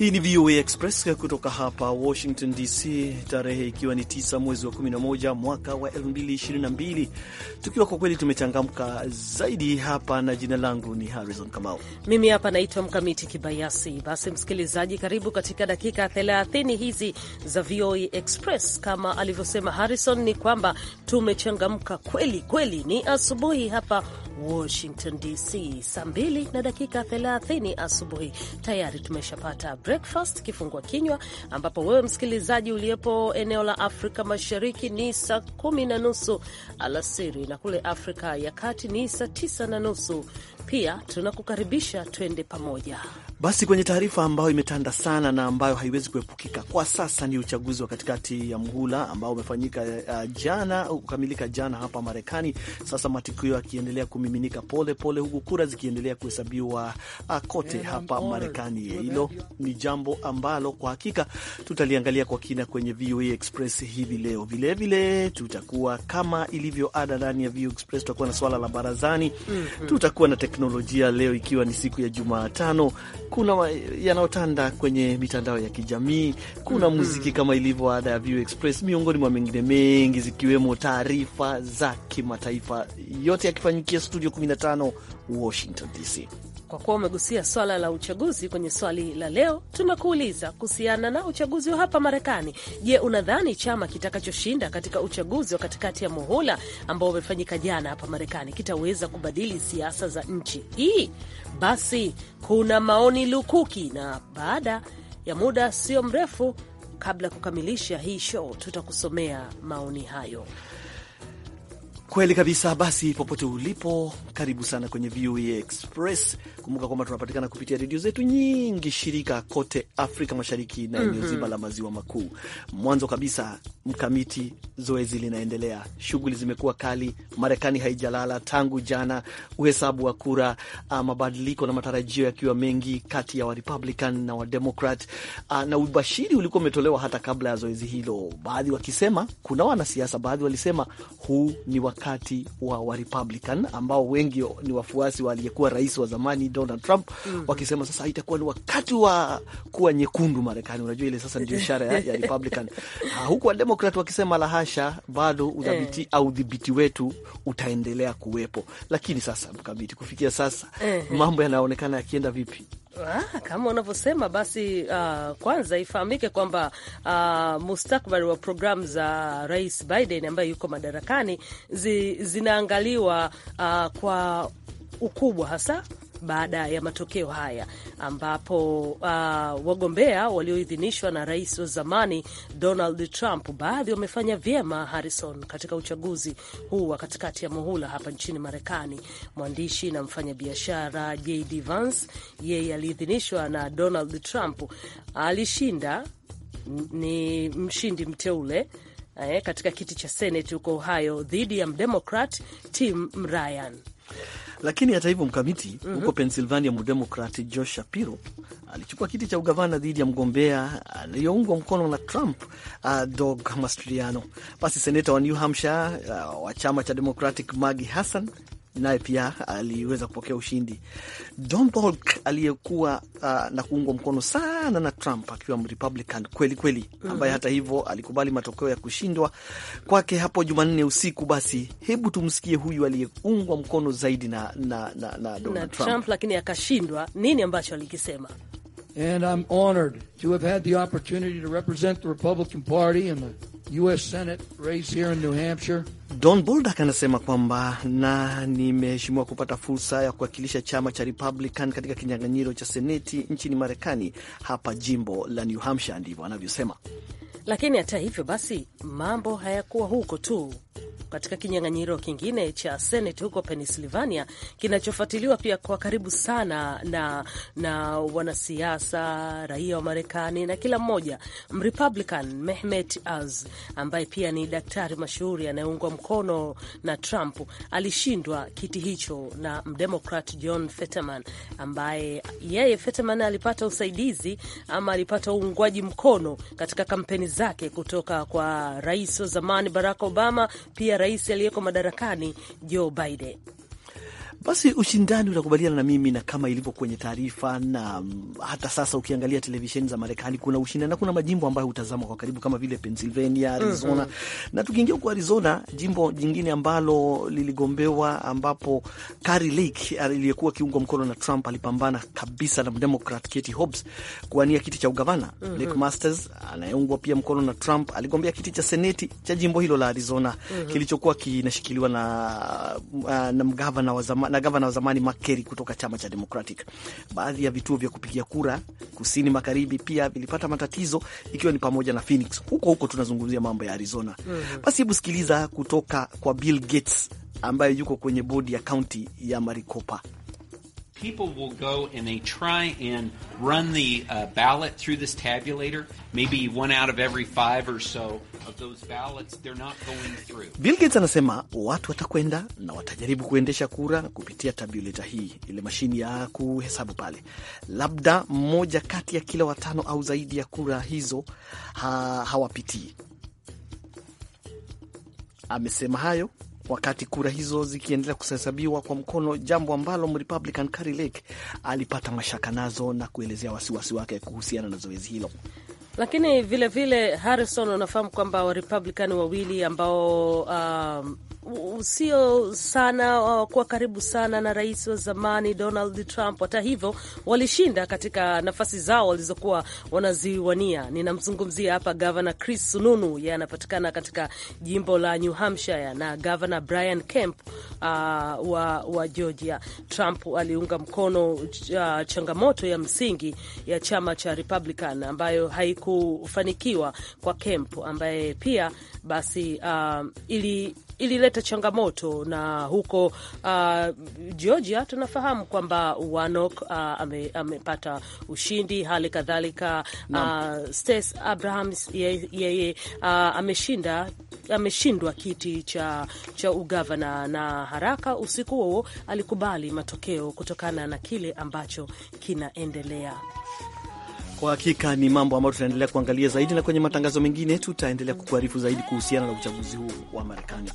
Hii ni VOA Express kutoka hapa Washington DC, tarehe ikiwa ni 9 mwezi wa 11 mwaka wa 2022, tukiwa kwa kweli tumechangamka zaidi hapa, na jina langu ni Harrison Kamau. Mimi hapa naitwa Mkamiti Kibayasi. Basi msikilizaji, karibu katika dakika 30 hizi za VOA Express. Kama alivyosema Harrison, ni kwamba tumechangamka kweli kweli, ni asubuhi hapa Washington DC, saa 2 na dakika 30 asubuhi, tayari tumeshapata breakfast kifungua kinywa, ambapo wewe msikilizaji uliyepo eneo la Afrika Mashariki ni saa kumi na nusu alasiri na kule Afrika ya Kati ni saa tisa na nusu. Pia tunakukaribisha twende pamoja. Basi kwenye taarifa ambayo imetanda sana na ambayo haiwezi kuepukika kwa sasa ni uchaguzi wa katikati ya mhula ambao umefanyika uh, jana kukamilika jana hapa Marekani. Sasa matukio yakiendelea kumiminika pole pole, huku kura zikiendelea kuhesabiwa uh, kote hapa Marekani. Hilo ni jambo ambalo kwa hakika tutaliangalia kwa kina kwenye VOA Express hivi leo. Vilevile tutakuwa kama ilivyo ada ndani ya VOA Express, tutakuwa na swala la barazani, mm-hmm. tutakuwa na teknolojia leo, ikiwa ni siku ya Jumatano kuna yanayotanda kwenye mitandao ya kijamii, kuna mm-hmm. muziki mm -hmm. kama ilivyo ada ya View Express, miongoni mwa mengine mengi, zikiwemo taarifa za kimataifa, yote yakifanyikia Studio 15 Washington DC. Kwa kuwa umegusia swala la uchaguzi kwenye swali la leo, tunakuuliza kuhusiana na uchaguzi wa hapa Marekani. Je, unadhani chama kitakachoshinda katika uchaguzi wa katikati ya muhula ambao umefanyika jana hapa Marekani kitaweza kubadili siasa za nchi hii? Basi kuna maoni lukuki, na baada ya muda sio mrefu, kabla ya kukamilisha hii show, tutakusomea maoni hayo. Kweli kabisa. Basi popote ulipo, karibu sana kwenye VOA e Express. Kumbuka kwamba tunapatikana kupitia redio zetu nyingi shirika kote Afrika Mashariki na eneo mhm. zima la maziwa makuu. Mwanzo kabisa, mkamiti, zoezi linaendelea, shughuli zimekuwa kali. Marekani haijalala tangu jana, uhesabu wa kura, ah, mabadiliko na matarajio yakiwa mengi kati ya Warepublican na Wademokrat, ah, na ubashiri ulikuwa umetolewa hata kabla ya zoezi hilo, baadhi wakisema, kuna wanasiasa baadhi walisema huu ni wa wakati wa Warepublican ambao wengi ni wafuasi wa aliyekuwa rais wa zamani Donald Trump mm -hmm. wakisema sasa itakuwa ni wakati wa kuwa nyekundu Marekani. Unajua ile sasa ndio ishara ya, ya Republican ha, ah, huku Wademokrat wakisema la hasha, bado udhibiti eh. au udhibiti wetu utaendelea kuwepo. Lakini sasa mkabiti, kufikia sasa eh. mambo yanaonekana yakienda vipi? Ah, kama unavyosema basi, uh, kwanza ifahamike kwamba uh, mustakbali wa programu za Rais Biden ambaye yuko madarakani zi, zinaangaliwa uh, kwa ukubwa hasa baada ya matokeo haya ambapo uh, wagombea walioidhinishwa na rais wa zamani Donald Trump baadhi wamefanya vyema, Harrison, katika uchaguzi huu wa katikati ya muhula hapa nchini Marekani. Mwandishi na mfanyabiashara JD Vance, yeye aliidhinishwa na Donald Trump, alishinda, ni mshindi mteule eh, katika kiti cha seneti huko Ohio dhidi ya mdemokrat Tim Ryan. Lakini hata hivyo mkamiti mhm. huko -hmm. Pennsylvania, mdemokrati Josh Shapiro alichukua kiti cha ugavana dhidi ya mgombea aliyoungwa mkono na Trump, uh, Doug Mastriano. Basi seneta wa New Hampshire uh, wa chama cha Democratic Maggie Hassan naye pia aliweza kupokea ushindi. Don Bolk aliyekuwa uh, na kuungwa mkono sana na Trump akiwa Mrepublican kweli kweli, ambaye hata hivyo alikubali matokeo ya kushindwa kwake hapo Jumanne usiku. Basi hebu tumsikie huyu aliyeungwa mkono zaidi na, na, na, na Donald na Trump, Trump lakini akashindwa. Nini ambacho alikisema? and I'm honored to have had the opportunity to represent the Republican Party in the US Senate race here in New Hampshire. Don Bolduc anasema kwamba na nimeheshimiwa kupata fursa ya kuwakilisha chama cha Republican katika kinyang'anyiro cha seneti nchini Marekani hapa jimbo la New Hampshire, ndivyo anavyosema. Lakini hata hivyo basi mambo hayakuwa huko tu katika kinyang'anyiro kingine cha Senate huko Pennsylvania kinachofuatiliwa pia kwa karibu sana na, na wanasiasa raia wa Marekani na kila mmoja Mrepublican Mehmet Oz ambaye pia ni daktari mashuhuri anayeungwa mkono na Trump alishindwa kiti hicho na mdemokrat John Fetterman ambaye yeye Fetterman alipata usaidizi ama alipata uungwaji mkono katika kampeni zake kutoka kwa rais wa zamani Barack Obama pia rais aliyeko madarakani Joe Biden. Basi ushindani, utakubaliana na mimi, na kama ilivyo kwenye taarifa na mm, hata sasa ukiangalia televisheni za Marekani kuna ushindani na kuna majimbo ambayo hutazama kwa karibu kama vile Pennsylvania, mhm. Arizona mm -hmm. na tukiingia huko Arizona, jimbo jingine ambalo liligombewa, ambapo Kari Lake ah, aliyekuwa akiungwa mkono na Trump alipambana kabisa na Democrat Katie Hobbs kuwania kiti cha ugavana mm -hmm. Lake Masters anayeungwa pia mkono na Trump aligombea kiti cha seneti cha jimbo hilo la Arizona mm -hmm. kilichokuwa kinashikiliwa na, ah, na mgavana wa zamani na gavana wa zamani Makeri kutoka chama cha Democratic. Baadhi ya vituo vya kupigia kura kusini magharibi pia vilipata matatizo, ikiwa ni pamoja na Phoenix. Huko huko tunazungumzia mambo ya Arizona. mm -hmm. Basi hebu sikiliza kutoka kwa Bill Gates ambaye yuko kwenye bodi ya kaunti ya Maricopa people will go and they try and run the uh, ballot through this tabulator. Maybe one out of every five or so of those ballots, they're not going through. Bill Gates anasema watu watakwenda na watajaribu kuendesha kura kupitia tabulator hii, ile mashini ya kuhesabu pale. Labda mmoja kati ya kila watano au zaidi ya kura hizo ha hawapitii. Amesema hayo wakati kura hizo zikiendelea kuhesabiwa kwa mkono, jambo ambalo Mrepublican Carrie Lake alipata mashaka nazo na kuelezea wasiwasi wake kuhusiana na zoezi hilo. Lakini vilevile vile, Harrison, unafahamu kwamba Warepublican wawili ambao um, usio sana uh, kuwa karibu sana na rais wa zamani Donald Trump. Hata hivyo, walishinda katika nafasi zao walizokuwa wanaziwania. Ninamzungumzia hapa Gavana Chris Sununu, yeye anapatikana katika jimbo la New Hampshire, na Gavana Brian Kemp uh, wa, wa Georgia. Trump aliunga mkono uh, changamoto ya msingi ya chama cha Republican ambayo haikufanikiwa kwa Kemp ambaye pia basi uh, ili ilileta changamoto na huko uh, Georgia tunafahamu kwamba Wanok uh, ame, amepata ushindi, hali kadhalika uh, Stacey Abrams yeye ye, uh, ameshinda ameshindwa kiti cha, cha ugavana na haraka usiku huo alikubali matokeo kutokana na kile ambacho kinaendelea. Kwa hakika ni mambo ambayo tutaendelea kuangalia zaidi, na kwenye matangazo mengine tutaendelea kukuarifu zaidi kuhusiana na uchaguzi huu wa Marekani.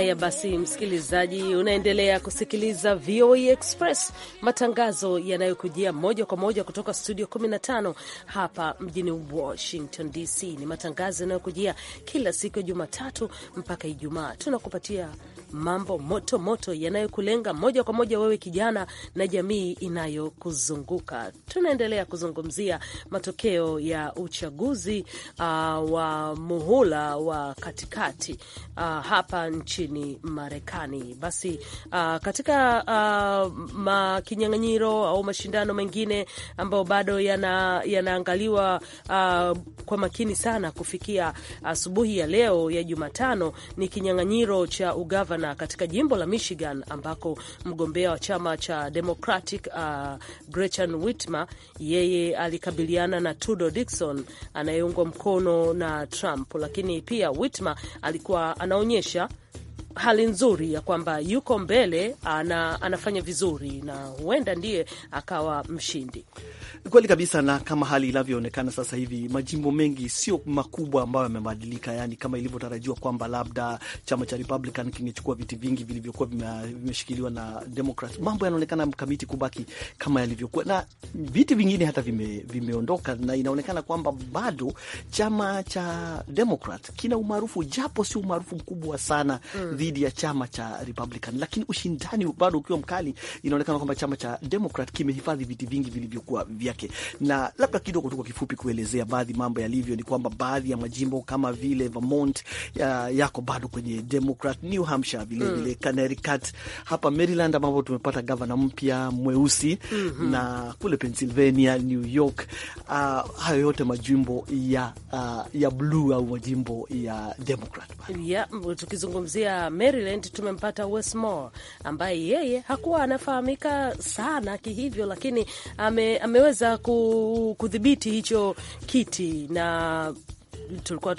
Haya basi, msikilizaji, unaendelea kusikiliza VOA e Express, matangazo yanayokujia moja kwa moja kutoka studio 15 hapa mjini Washington DC. Ni matangazo yanayokujia kila siku ya Jumatatu mpaka Ijumaa. Tunakupatia mambo moto moto yanayokulenga moja kwa moja wewe kijana na jamii inayokuzunguka. Tunaendelea kuzungumzia matokeo ya uchaguzi uh, wa muhula wa katikati uh, hapa nchini nchini Marekani. Basi uh, katika uh, ah, kinyang'anyiro au mashindano mengine ambayo bado yana, yanaangaliwa uh, kwa makini sana kufikia asubuhi uh, ya leo ya Jumatano ni kinyang'anyiro cha ugavana katika jimbo la Michigan ambako mgombea wa chama cha Democratic uh, Gretchen Whitmer yeye alikabiliana na Tudor Dixon anayeungwa mkono na Trump, lakini pia Whitmer alikuwa anaonyesha hali nzuri ya kwamba yuko mbele ana, anafanya vizuri na huenda ndiye akawa mshindi. Kweli kabisa, na kama hali inavyoonekana sasa hivi, majimbo mengi sio makubwa ambayo yamebadilika, yani kama ilivyotarajiwa kwamba labda chama cha Republican kingechukua viti vingi vilivyokuwa vimeshikiliwa na Democrat. Mambo yanaonekana mkamiti kubaki kama yalivyokuwa, na viti vingine hata vime, vimeondoka, na inaonekana kwamba bado chama cha Democrat kina umaarufu, japo sio umaarufu mkubwa sana mm dhidi ya chama cha Republican, lakini ushindani bado ukiwa mkali, inaonekana kwamba chama cha Democrat kimehifadhi viti vingi vilivyokuwa vyake. Na labda kidogo tu kwa kifupi kuelezea baadhi mambo yalivyo, ni kwamba baadhi ya majimbo kama vile Vermont ya, yako bado kwenye Democrat, New Hampshire vilevile, hmm. Connecticut hapa Maryland ambapo tumepata gavana mpya mweusi mm -hmm. na kule Pennsylvania, New York uh, hayo yote majimbo ya, uh, ya bluu au majimbo ya Democrat yeah, tukizungumzia Maryland tumempata Westmore ambaye yeye hakuwa anafahamika sana kihivyo, lakini ame, ameweza kudhibiti hicho kiti na tulikuwa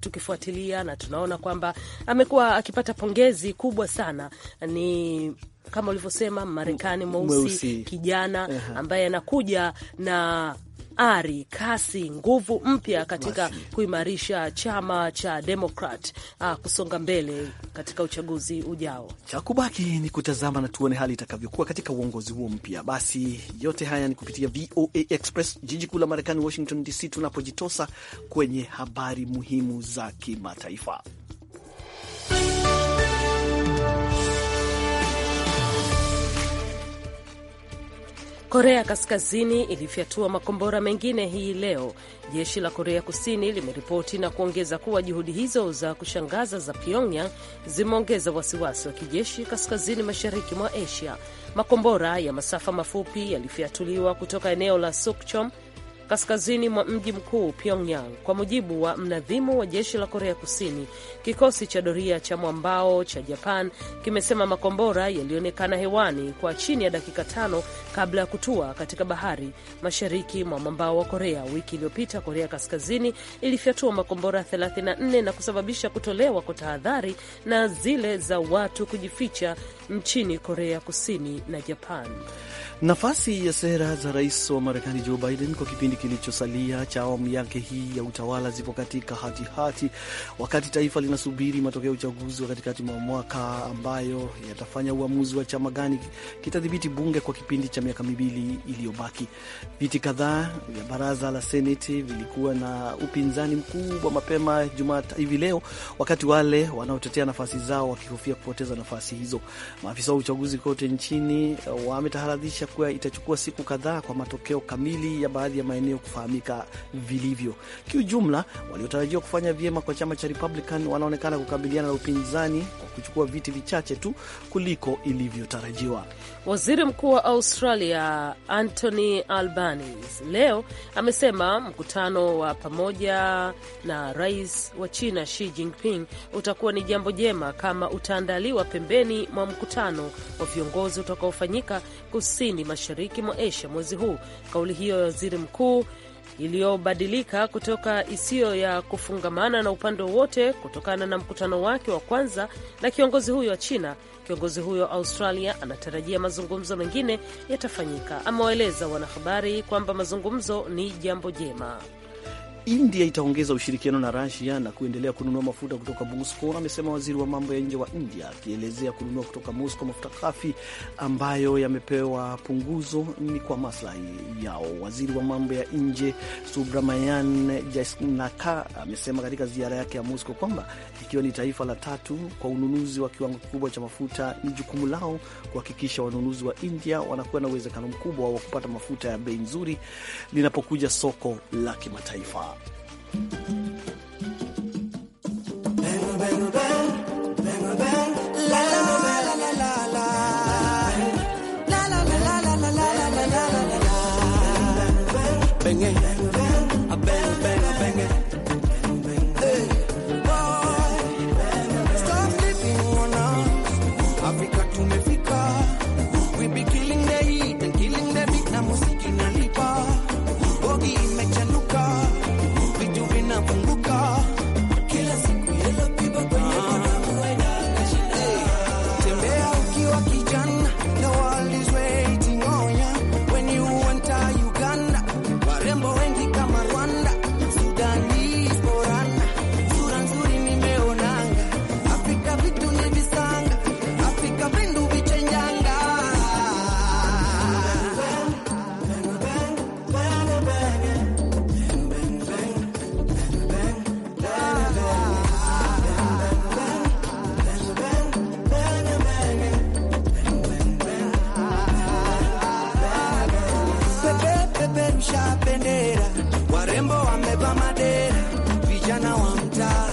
tukifuatilia na tunaona kwamba amekuwa akipata pongezi kubwa sana. Ni kama ulivyosema Marekani mweusi kijana ambaye anakuja na ari, kasi, nguvu mpya katika kuimarisha chama cha Demokrat uh, ah, kusonga mbele katika uchaguzi ujao. Cha kubaki ni kutazama na tuone hali itakavyokuwa katika uongozi huo mpya. Basi yote haya ni kupitia VOA Express, jiji kuu la Marekani, Washington DC, tunapojitosa kwenye habari muhimu za kimataifa. Korea Kaskazini ilifyatua makombora mengine hii leo, jeshi la Korea Kusini limeripoti na kuongeza kuwa juhudi hizo za kushangaza za Pyongyang zimeongeza wasiwasi wa kijeshi kaskazini mashariki mwa Asia. Makombora ya masafa mafupi yalifyatuliwa kutoka eneo la Sukchom kaskazini mwa mji mkuu Pyongyang, kwa mujibu wa mnadhimu wa jeshi la Korea Kusini. Kikosi cha doria cha mwambao cha Japan kimesema makombora yalionekana hewani kwa chini ya dakika tano kabla ya kutua katika bahari mashariki mwa mwambao wa Korea. Wiki iliyopita, Korea Kaskazini ilifyatua makombora 34 na kusababisha kutolewa kwa tahadhari na zile za watu kujificha nchini Korea Kusini na Japan. Nafasi ya sera za rais wa Marekani Joe Biden kwa kipindi kilichosalia cha awamu yake hii ya utawala zipo katika hatihati wakati taifa linasubiri matokeo ya uchaguzi wa katikati mwa mwaka ambayo yatafanya uamuzi wa chama gani kitadhibiti bunge kwa kipindi cha miaka miwili iliyobaki. Viti kadhaa vya baraza la Seneti vilikuwa na upinzani mkubwa mapema Jumatatu hivi leo, wakati wale wanaotetea nafasi zao wakihofia kupoteza nafasi hizo. Maafisa wa uchaguzi kote nchini eh, wametahadharisha kuwa itachukua siku kadhaa kwa matokeo kamili ya baadhi ya maeneo kufahamika vilivyo. Kiujumla, waliotarajiwa kufanya vyema kwa chama cha Republican wanaonekana kukabiliana na upinzani kwa kuchukua viti vichache tu kuliko ilivyotarajiwa. Waziri Mkuu wa Australia Anthony Albanese leo amesema mkutano wa pamoja na rais wa China Xi Jinping utakuwa ni jambo jema kama utaandaliwa pembeni mwa mkutano wa viongozi utakaofanyika kusini mashariki mwa Asia mwezi huu. Kauli hiyo ya waziri mkuu iliyobadilika kutoka isiyo ya kufungamana na upande wowote kutokana na mkutano wake wa kwanza na kiongozi huyo wa China. Kiongozi huyo Australia anatarajia mazungumzo mengine yatafanyika. Amewaeleza wanahabari kwamba mazungumzo ni jambo jema. India itaongeza ushirikiano na Rasia na kuendelea kununua mafuta kutoka mosco amesema waziri wa mambo ya nje wa India, akielezea kununua kutoka mosco mafuta ghafi ambayo yamepewa punguzo ni kwa maslahi yao. Waziri wa mambo ya nje Subramayan jasnaka amesema katika ziara yake ya mosco kwamba ikiwa ni taifa la tatu kwa ununuzi wa kiwango kikubwa cha mafuta, ni jukumu lao kuhakikisha wanunuzi wa India wanakuwa na uwezekano mkubwa wa kupata mafuta ya bei nzuri linapokuja soko la kimataifa. Venga, venga, venga. wanapeperusha bendera, warembo madera, vijana wa mtaa,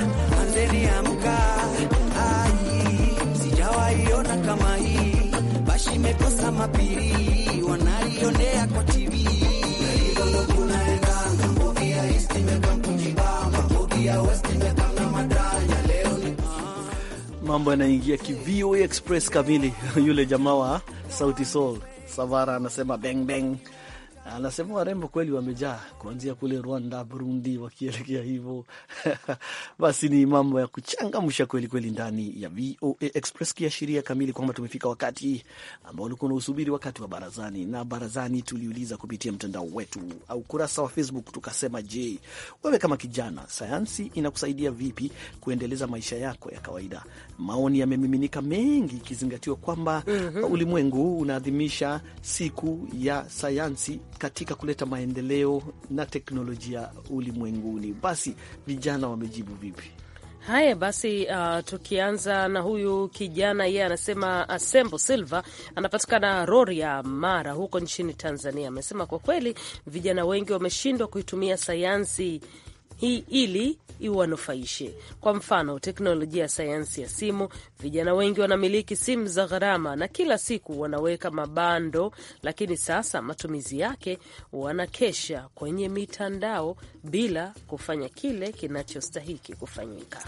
kama hii, bashi imekosa mapiri, wanaionea kwa TV mambo yanaingia kivo Express kamili. Yule jamaa wa Sauti Sol Savara anasema beng beng anasema warembo kweli wamejaa, kuanzia kule Rwanda, Burundi, wakielekea hivyo basi ni mambo ya kuchangamsha kweli kweli ndani ya VOA Express, kiashiria kamili kwamba tumefika wakati ambao ulikuwa unausubiri, wakati wa barazani. Na barazani tuliuliza kupitia mtandao wetu au kurasa wa Facebook, tukasema, je, wewe kama kijana, sayansi inakusaidia vipi kuendeleza maisha yako ya kawaida? Maoni yamemiminika mengi, ikizingatiwa kwamba mm -hmm. ulimwengu unaadhimisha siku ya sayansi katika kuleta maendeleo na teknolojia ulimwenguni. Basi vijana wamejibu vipi? Haya basi, uh, tukianza na huyu kijana, yeye anasema Asembo Silva anapatikana Rorya, Mara, huko nchini Tanzania. Amesema kwa kweli vijana wengi wameshindwa kuitumia sayansi hii ili iwanufaishe. Kwa mfano, teknolojia ya sayansi ya simu, vijana wengi wanamiliki simu za gharama na kila siku wanaweka mabando, lakini sasa matumizi yake wanakesha kwenye mitandao bila kufanya kile kinachostahiki kufanyika.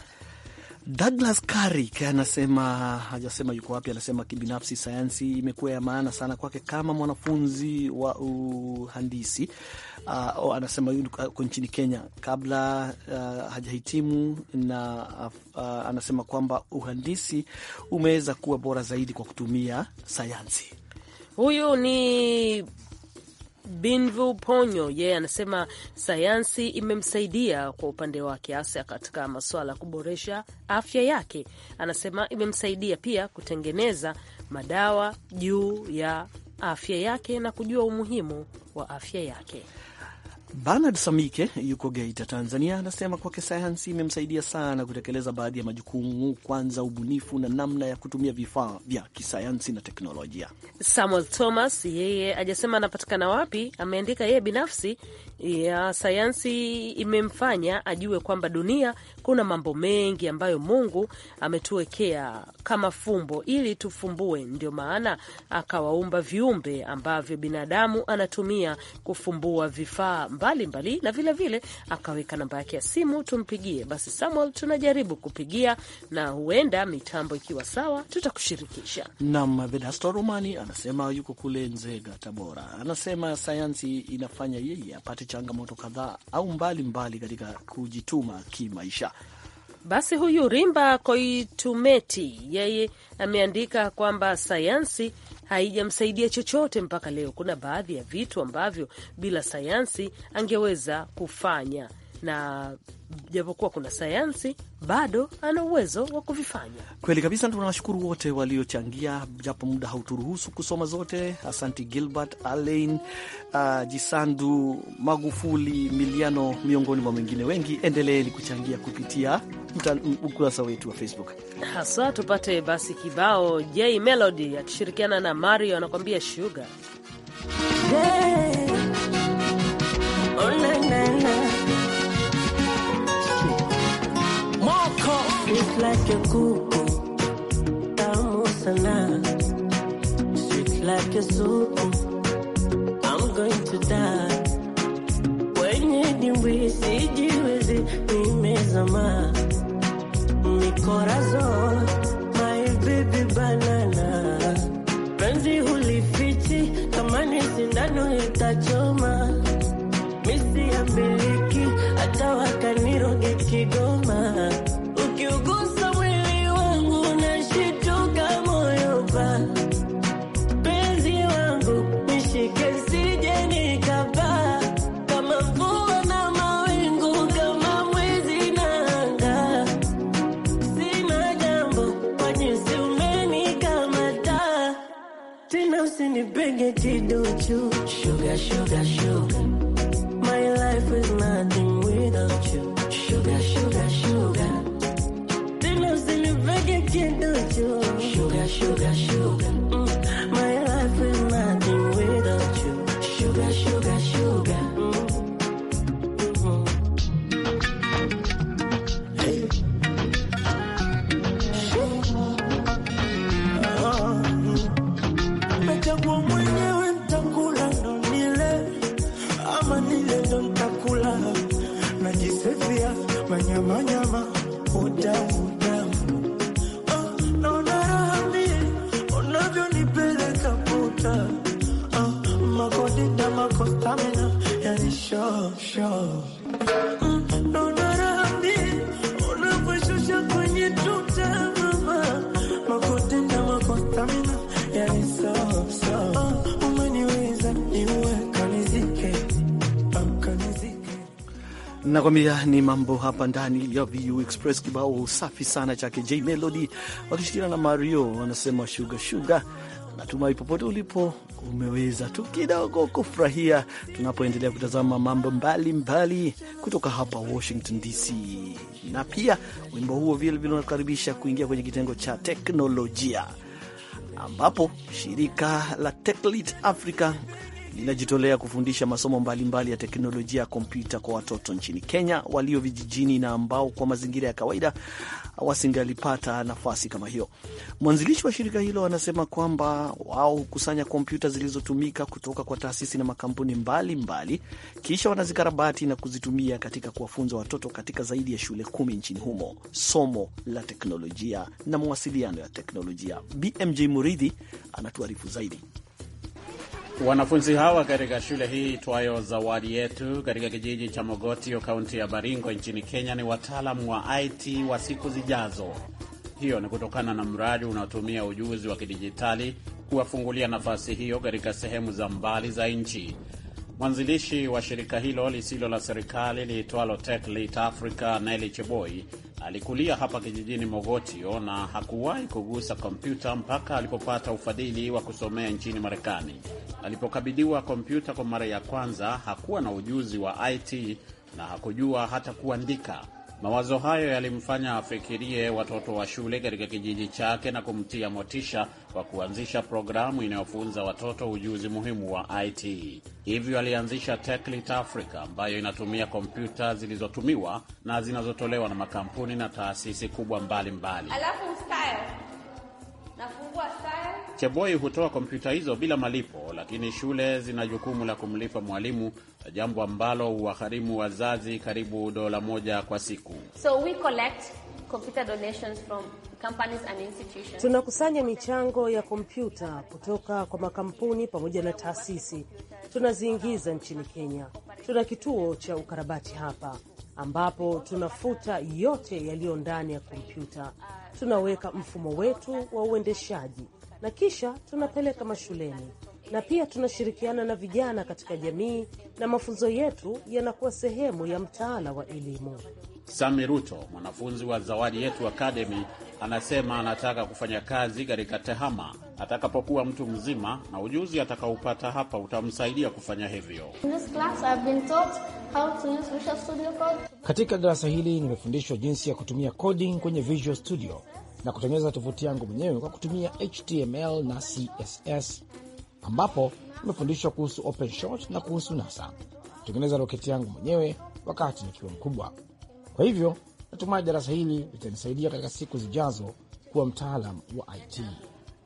Douglas Carrick anasema, hajasema yuko wapi, anasema kibinafsi sayansi imekuwa ya maana sana kwake kama mwanafunzi wa uhandisi uh, anasema yuko nchini Kenya kabla uh, hajahitimu na uh, anasema kwamba uhandisi umeweza kuwa bora zaidi kwa kutumia sayansi. Huyu ni Binvu Ponyo yeye, yeah, anasema sayansi imemsaidia kwa upande wake, hasa katika masuala ya kuboresha afya yake. Anasema imemsaidia pia kutengeneza madawa juu ya afya yake na kujua umuhimu wa afya yake. Bernard Samike yuko Geita, Tanzania, anasema kwake sayansi imemsaidia sana kutekeleza baadhi ya majukumu, kwanza ubunifu na namna ya kutumia vifaa vya kisayansi na teknolojia. Samuel Thomas yeye ajasema anapatikana wapi, ameandika yeye binafsi ya sayansi imemfanya ajue kwamba dunia kuna mambo mengi ambayo Mungu ametuwekea kama fumbo ili tufumbue, ndio maana akawaumba viumbe ambavyo binadamu anatumia kufumbua vifaa mbalimbali mbali, na vilevile vile, akaweka namba yake ya simu tumpigie. Basi Samuel, tunajaribu kupigia na huenda mitambo ikiwa sawa tutakushirikisha. Nam Vedasto Romani anasema yuko kule Nzega, Tabora, anasema sayansi inafanya yeye apate changamoto kadhaa au mbalimbali katika kujituma kimaisha. Basi huyu Rimba Koitumeti yeye ameandika kwamba sayansi haijamsaidia chochote mpaka leo. Kuna baadhi ya vitu ambavyo bila sayansi angeweza kufanya na japokuwa kuna sayansi bado ana uwezo wa kuvifanya. Kweli kabisa, tunawashukuru wote waliochangia, japo muda hauturuhusu kusoma zote. Asanti Gilbert Alain, uh, Jisandu Magufuli, Miliano, miongoni mwa mwengine wengi. Endeleeni kuchangia kupitia ukurasa wetu wa Facebook haswa. Tupate basi kibao J Melody akishirikiana na Mario anakuambia shuga hey. like a kuku tamu sana, sweet like a soup Baby, bring it to you. Sugar, sugar, sugar. My life is nothing without you. Sugar, sugar, sugar. Dino, dino, bring it to you. Sugar, sugar, sugar. Mm. Nakwambia ni mambo hapa ndani ya VU Express. Kibao safi sana chake J Melody wakishirikiana na Mario wanasema shuga shuga. Natumai popote ulipo umeweza tu kidogo kufurahia tunapoendelea kutazama mambo mbalimbali kutoka hapa Washington DC, na pia wimbo huo vilevile unakaribisha kuingia kwenye kitengo cha teknolojia ambapo shirika la Techlit Africa linajitolea kufundisha masomo mbalimbali mbali ya teknolojia ya kompyuta kwa watoto nchini Kenya walio vijijini na ambao kwa mazingira ya kawaida wasingalipata nafasi kama hiyo. Mwanzilishi wa shirika hilo anasema kwamba wao hukusanya kompyuta zilizotumika kutoka kwa taasisi na makampuni mbalimbali mbali, kisha wanazikarabati na kuzitumia katika kuwafunza watoto katika zaidi ya shule kumi nchini humo somo la teknolojia na mawasiliano ya teknolojia. BMJ Muridhi anatuarifu zaidi. Wanafunzi hawa katika shule hii itwayo Zawadi Yetu katika kijiji cha Mogotio, kaunti ya Baringo nchini Kenya, ni wataalamu wa IT wa siku zijazo. Hiyo ni kutokana na mradi unaotumia ujuzi wa kidijitali kuwafungulia nafasi hiyo katika sehemu za mbali za nchi. Mwanzilishi wa shirika hilo lisilo la serikali liitwalo Tech Africa, Nelly Cheboi, alikulia hapa kijijini Mogotio na hakuwahi kugusa kompyuta mpaka alipopata ufadhili wa kusomea nchini Marekani. Alipokabidhiwa kompyuta kwa mara ya kwanza, hakuwa na ujuzi wa IT na hakujua hata kuandika. Mawazo hayo yalimfanya afikirie watoto wa shule katika kijiji chake na kumtia motisha kwa kuanzisha programu inayofunza watoto ujuzi muhimu wa IT. Hivyo alianzisha Techlit Africa ambayo inatumia kompyuta zilizotumiwa na zinazotolewa na makampuni na taasisi kubwa mbalimbali mbali. Alafu style Cheboi hutoa kompyuta hizo bila malipo, lakini shule zina jukumu la kumlipa mwalimu, jambo ambalo huwagharimu wazazi karibu dola moja kwa siku. So we collect computer donations from companies and institutions. Tunakusanya michango ya kompyuta kutoka kwa makampuni pamoja na taasisi, tunaziingiza nchini Kenya. Tuna kituo cha ukarabati hapa ambapo tunafuta yote yaliyo ndani ya kompyuta. Tunaweka mfumo wetu wa uendeshaji na kisha tunapeleka mashuleni, na pia tunashirikiana na vijana katika jamii na mafunzo yetu yanakuwa sehemu ya mtaala wa elimu. Sami Ruto, mwanafunzi wa Zawadi Yetu Academy, anasema anataka kufanya kazi katika TEHAMA atakapokuwa mtu mzima, na ujuzi atakaupata hapa utamsaidia kufanya hivyo. Katika darasa hili nimefundishwa jinsi ya kutumia coding kwenye Visual Studio na kutengeneza tovuti yangu mwenyewe kwa kutumia HTML na CSS, ambapo nimefundishwa kuhusu OpenShot na kuhusu NASA, kutengeneza roketi yangu mwenyewe wakati nikiwa mkubwa. Kwa hivyo natumai darasa hili litanisaidia katika siku zijazo kuwa mtaalam wa IT.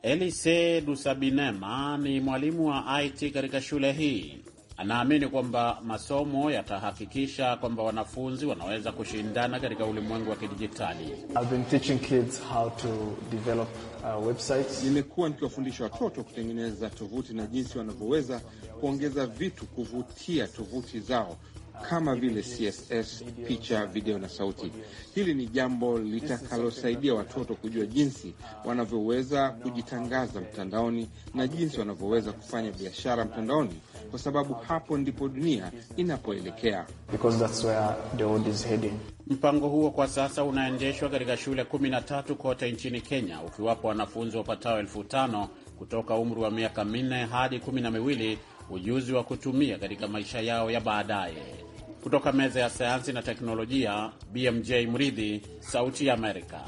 Elise Dusabinema ni mwalimu wa IT katika shule hii. Anaamini kwamba masomo yatahakikisha kwamba wanafunzi wanaweza kushindana katika ulimwengu wa kidijitali. Uh, Nimekuwa nikiwafundisha watoto kutengeneza tovuti na jinsi wanavyoweza kuongeza vitu kuvutia tovuti zao kama vile CSS, picha, video na sauti. Hili ni jambo litakalosaidia watoto kujua jinsi wanavyoweza kujitangaza mtandaoni na jinsi wanavyoweza kufanya biashara mtandaoni, kwa sababu hapo ndipo dunia inapoelekea. Mpango huo kwa sasa unaendeshwa katika shule kumi na tatu kote nchini Kenya, ukiwapo wanafunzi wapatao elfu tano kutoka umri wa miaka minne hadi kumi na miwili ujuzi wa kutumia katika maisha yao ya baadaye. Kutoka meza ya sayansi na teknolojia, BMJ Mridhi, Sauti ya Amerika.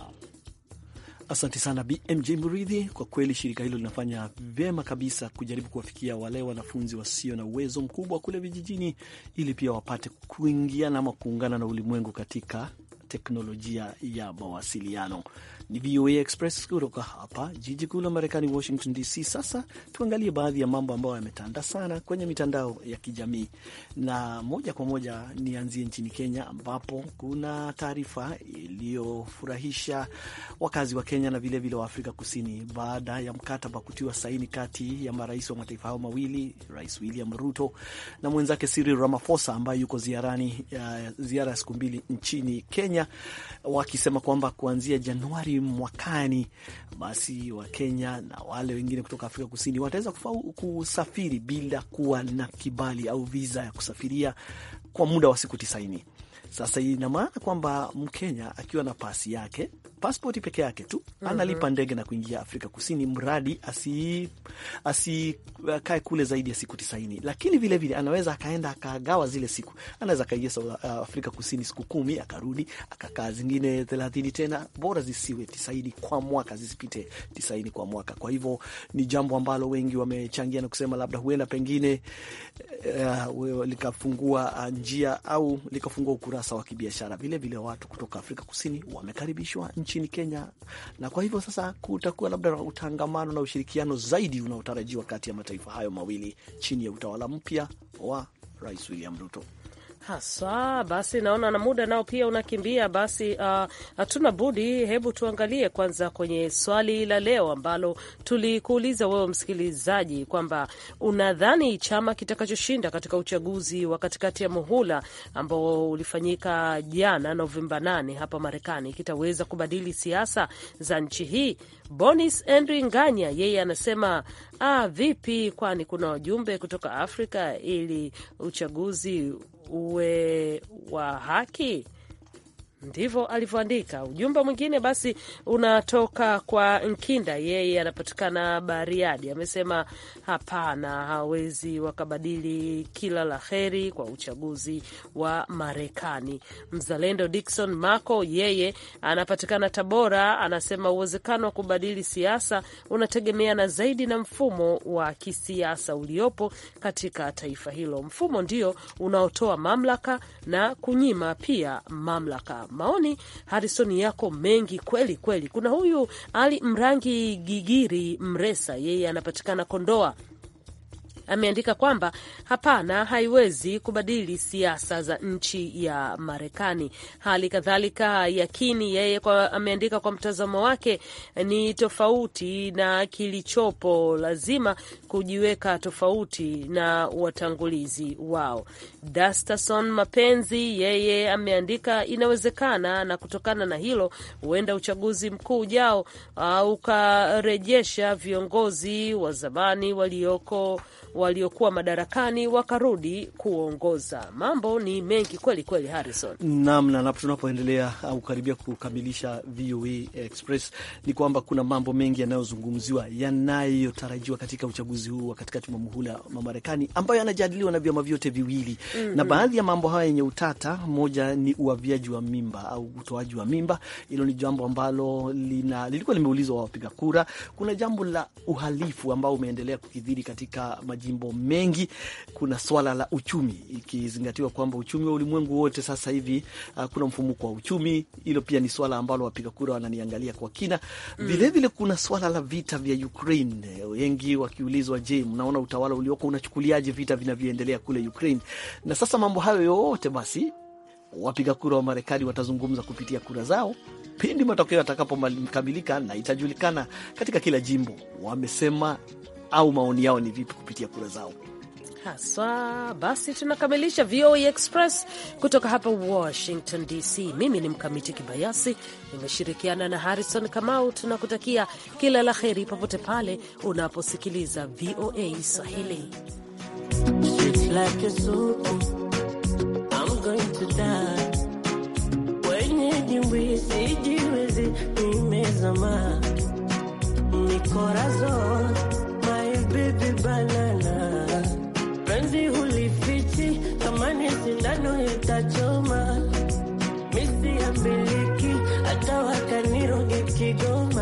Asante sana BMJ Mridhi. Kwa kweli shirika hilo linafanya vyema kabisa kujaribu kuwafikia wale wanafunzi wasio na uwezo mkubwa kule vijijini, ili pia wapate kuingiana ama kuungana na ulimwengu katika teknolojia ya mawasiliano. Ni VOA Express kutoka hapa jiji kuu la Marekani, Washington DC. Sasa tuangalie baadhi ya mambo ambayo yametanda sana kwenye mitandao ya kijamii, na moja kwa moja nianzie nchini Kenya ambapo kuna taarifa iliyofurahisha wakazi wa Kenya na vilevile vile wa Afrika Kusini baada ya mkataba kutiwa saini kati ya marais wa mataifa hayo mawili, Rais William Ruto na mwenzake Cyril Ramaphosa ambaye yuko ziarani, eh, ziara ya siku mbili nchini Kenya, wakisema kwamba kuanzia Januari mwakani, basi wa kenya na wale wengine kutoka Afrika Kusini wataweza kusafiri bila kuwa na kibali au viza ya kusafiria kwa muda wa siku tisaini. Sasa ina maana kwamba Mkenya akiwa na pasi yake, paspoti peke yake tu mhm. analipa ndege na kuingia Afrika Kusini, mradi asikae asi, eh, kule zaidi ya siku tisaini. Lakini vilevile vile, anaweza akaenda akagawa zile siku, anaweza akaingia uh, Afrika Kusini siku kumi akarudi akakaa zingine thelathini tena, bora zisiwe tisaini kwa mwaka, zisipite tisaini kwa mwaka. Kwa hivyo ni jambo ambalo wengi wamechangia na kusema labda huenda pengine uh, likafungua njia au likafungua ukurasa ukurasa wa kibiashara. Vilevile watu kutoka Afrika Kusini wamekaribishwa nchini Kenya, na kwa hivyo sasa kutakuwa labda na utangamano na ushirikiano zaidi unaotarajiwa kati ya mataifa hayo mawili chini ya utawala mpya wa Rais William Ruto haswa. Basi naona na muda nao pia unakimbia, basi ah, hatuna uh, budi. Hebu tuangalie kwanza kwenye swali la leo ambalo tulikuuliza wewe msikilizaji kwamba unadhani chama kitakachoshinda katika uchaguzi wa katikati ya muhula ambao ulifanyika jana Novemba 8 hapa Marekani kitaweza kubadili siasa za nchi hii. Bonis Henry Nganya yeye anasema ah, vipi, kwani kuna wajumbe kutoka Afrika ili uchaguzi uwe wa haki? Ndivyo alivyoandika ujumbe mwingine. Basi unatoka kwa Nkinda, yeye anapatikana Bariadi. Amesema hapana, hawezi wakabadili kila la heri kwa uchaguzi wa Marekani. Mzalendo Dikson Mako, yeye anapatikana Tabora, anasema uwezekano wa kubadili siasa unategemeana zaidi na mfumo wa kisiasa uliopo katika taifa hilo. Mfumo ndio unaotoa mamlaka na kunyima pia mamlaka maoni Harisoni yako mengi kweli kweli. Kuna huyu Ali Mrangi Gigiri Mresa, yeye anapatikana Kondoa ameandika kwamba hapana, haiwezi kubadili siasa za nchi ya Marekani. Hali kadhalika, yakini yeye kwa, ameandika kwa mtazamo wake ni tofauti na kilichopo, lazima kujiweka tofauti na watangulizi wao. Dastason Mapenzi yeye ameandika inawezekana, na kutokana na hilo huenda uchaguzi mkuu ujao uh, ukarejesha viongozi wa zamani walioko waliokuwa madarakani wakarudi kuongoza. Mambo ni mengi kweli kweli, Harrison. Naam, na tunapoendelea au karibia kukamilisha VOA e Express ni kwamba kuna mambo mengi yanayozungumziwa yanayotarajiwa katika uchaguzi huu wa katikati mwa muhula wa Marekani ambayo yanajadiliwa na vyama vyote viwili mm -hmm. na mm-hmm. baadhi ya mambo haya yenye utata, moja ni uavyaji wa mimba au utoaji wa mimba. Hilo ni jambo ambalo lina, lilikuwa limeulizwa wapiga kura. Kuna jambo la uhalifu ambao umeendelea kukidhiri katika maji majimbo mengi, kuna swala la uchumi, ikizingatiwa kwamba uchumi wa ulimwengu wote sasa hivi uh, kuna mfumuko wa uchumi. Hilo pia ni swala ambalo wapiga kura wananiangalia kwa kina vilevile. Mm. Vile kuna swala la vita vya Ukraine, wengi wakiulizwa, je, mnaona utawala ulioko unachukuliaje vita vinavyoendelea kule Ukraine? Na sasa mambo hayo yote basi wapiga kura wa Marekani watazungumza kupitia kura zao pindi matokeo yatakapokamilika, na itajulikana katika kila jimbo wamesema au maoni yao ni vipi kupitia kura zao haswa. Basi tunakamilisha VOA e Express kutoka hapa Washington DC. Mimi ni Mkamiti Kibayasi, nimeshirikiana na Harrison Kamau. Tunakutakia kila la heri popote pale unaposikiliza VOA e Swahili. Like hadi banana penzi hulifichi, kama sindano itachoma, misi ya miliki hata wakanirogi Kigoma